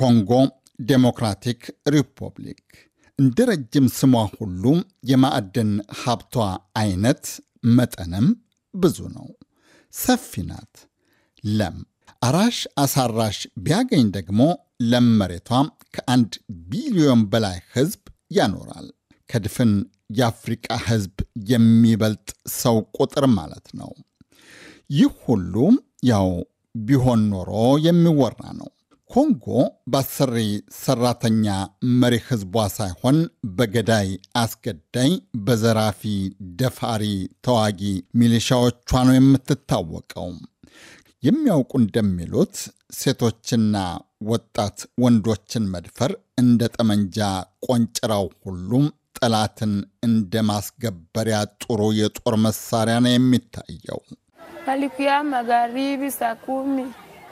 ኮንጎ ዴሞክራቲክ ሪፐብሊክ እንደ ረጅም ስሟ ሁሉ የማዕድን ሀብቷ አይነት መጠንም ብዙ ነው። ሰፊ ናት። ለም አራሽ አሳራሽ ቢያገኝ ደግሞ ለም መሬቷ ከአንድ ቢሊዮን በላይ ሕዝብ ያኖራል። ከድፍን የአፍሪቃ ሕዝብ የሚበልጥ ሰው ቁጥር ማለት ነው። ይህ ሁሉ ያው ቢሆን ኖሮ የሚወራ ነው። ኮንጎ በአሰሪ ሰራተኛ መሪ ህዝቧ ሳይሆን በገዳይ አስገዳይ፣ በዘራፊ ደፋሪ ተዋጊ ሚሊሻዎቿ ነው የምትታወቀው። የሚያውቁ እንደሚሉት ሴቶችና ወጣት ወንዶችን መድፈር እንደ ጠመንጃ ቆንጭራው ሁሉም ጠላትን እንደ ማስገበሪያ ጥሩ የጦር መሳሪያ ነው የሚታየው።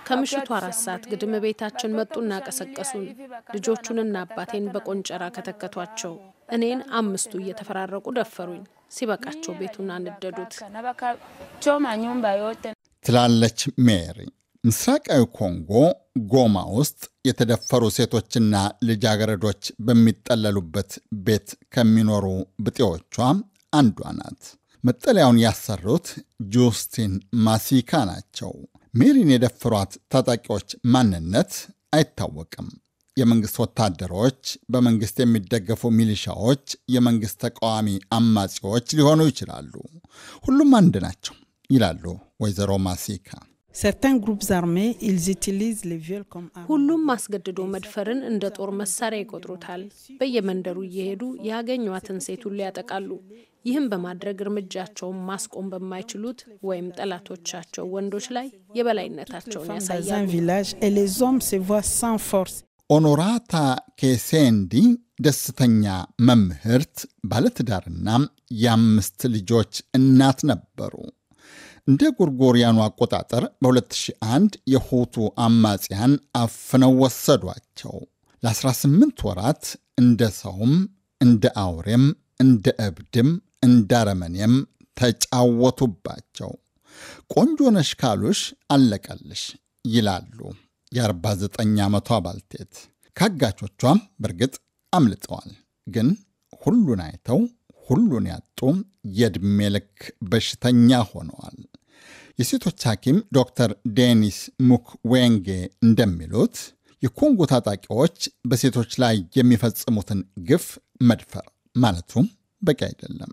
ከምሽቱ አራት ሰዓት ግድም ቤታችን መጡና ቀሰቀሱን። ልጆቹንና አባቴን በቆንጨራ ከተከቷቸው። እኔን አምስቱ እየተፈራረቁ ደፈሩኝ። ሲበቃቸው ቤቱን አነደዱት ትላለች ሜሪ። ምስራቃዊ ኮንጎ ጎማ ውስጥ የተደፈሩ ሴቶችና ልጃገረዶች በሚጠለሉበት ቤት ከሚኖሩ ብጤዎቿ አንዷ ናት። መጠለያውን ያሰሩት ጆስቲን ማሲካ ናቸው። ሜሪን የደፈሯት ታጣቂዎች ማንነት አይታወቅም። የመንግሥት ወታደሮች፣ በመንግሥት የሚደገፉ ሚሊሻዎች፣ የመንግሥት ተቃዋሚ አማጺዎች ሊሆኑ ይችላሉ። ሁሉም አንድ ናቸው ይላሉ ወይዘሮ ማሲካ። ሁሉም አስገድዶ መድፈርን እንደ ጦር መሳሪያ ይቆጥሩታል። በየመንደሩ እየሄዱ ያገኟትን ሁሉ ያጠቃሉ። ይህም በማድረግ እርምጃቸውን ማስቆም በማይችሉት ወይም ጠላቶቻቸው ወንዶች ላይ የበላይነታቸውን ያሳያሉ። ኦኖራታ ኬሴንዲ ደስተኛ መምህርት ባለትዳርና የአምስት ልጆች እናት ነበሩ። እንደ ጎርጎሪያኑ አቆጣጠር በ2001 የሁቱ አማጽያን አፍነው ወሰዷቸው። ለ18 ወራት እንደ ሰውም እንደ አውሬም እንደ እብድም እንዳረመኔም ተጫወቱባቸው። ቆንጆ ነሽ ካሉሽ አለቀልሽ ይላሉ የ49 ዓመቷ ባልቴት። ካጋቾቿም በእርግጥ አምልጠዋል። ግን ሁሉን አይተው ሁሉን ያጡ የዕድሜ ልክ በሽተኛ ሆነዋል። የሴቶች ሐኪም ዶክተር ዴኒስ ሙክዌንጌ እንደሚሉት የኮንጎ ታጣቂዎች በሴቶች ላይ የሚፈጽሙትን ግፍ መድፈር ማለቱም በቂ አይደለም።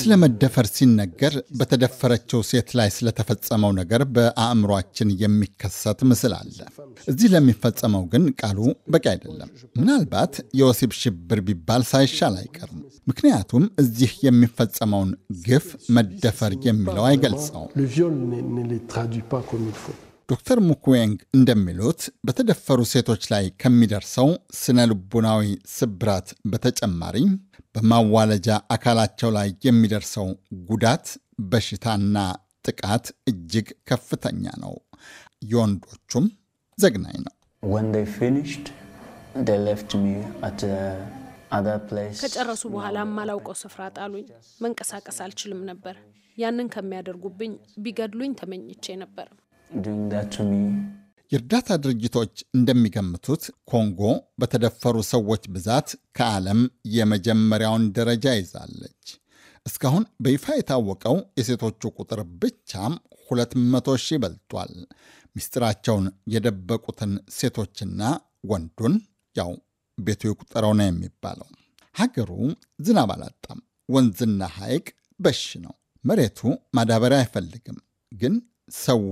ስለመደፈር ሲነገር በተደፈረችው ሴት ላይ ስለተፈጸመው ነገር በአእምሯችን የሚከሰት ምስል አለ። እዚህ ለሚፈጸመው ግን ቃሉ በቂ አይደለም። ምናልባት የወሲብ ሽብር ቢባል ሳይሻል አይቀርም። ምክንያቱም እዚህ የሚፈጸመውን ግፍ መደፈር የሚለው አይገልጸውም። ዶክተር ሙኩዌንግ እንደሚሉት በተደፈሩ ሴቶች ላይ ከሚደርሰው ስነ ልቡናዊ ስብራት በተጨማሪ በማዋለጃ አካላቸው ላይ የሚደርሰው ጉዳት፣ በሽታና ጥቃት እጅግ ከፍተኛ ነው። የወንዶቹም ዘግናኝ ነው። uh, ከጨረሱ በኋላ ማላውቀው ስፍራ ጣሉኝ። መንቀሳቀስ አልችልም ነበር። ያንን ከሚያደርጉብኝ ቢገድሉኝ ተመኝቼ ነበር። የእርዳታ ድርጅቶች እንደሚገምቱት ኮንጎ በተደፈሩ ሰዎች ብዛት ከዓለም የመጀመሪያውን ደረጃ ይዛለች። እስካሁን በይፋ የታወቀው የሴቶቹ ቁጥር ብቻም 200 ሺህ በልጧል። ምስጢራቸውን የደበቁትን ሴቶችና ወንዱን ያው ቤቱ የቁጠረው ነው የሚባለው። ሀገሩ ዝናብ አላጣም። ወንዝና ሐይቅ በሽ ነው። መሬቱ ማዳበሪያ አይፈልግም ግን ሰው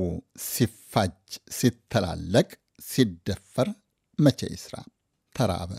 ሲፋጅ፣ ሲተላለቅ፣ ሲደፈር መቼ ይስራ? ተራበ።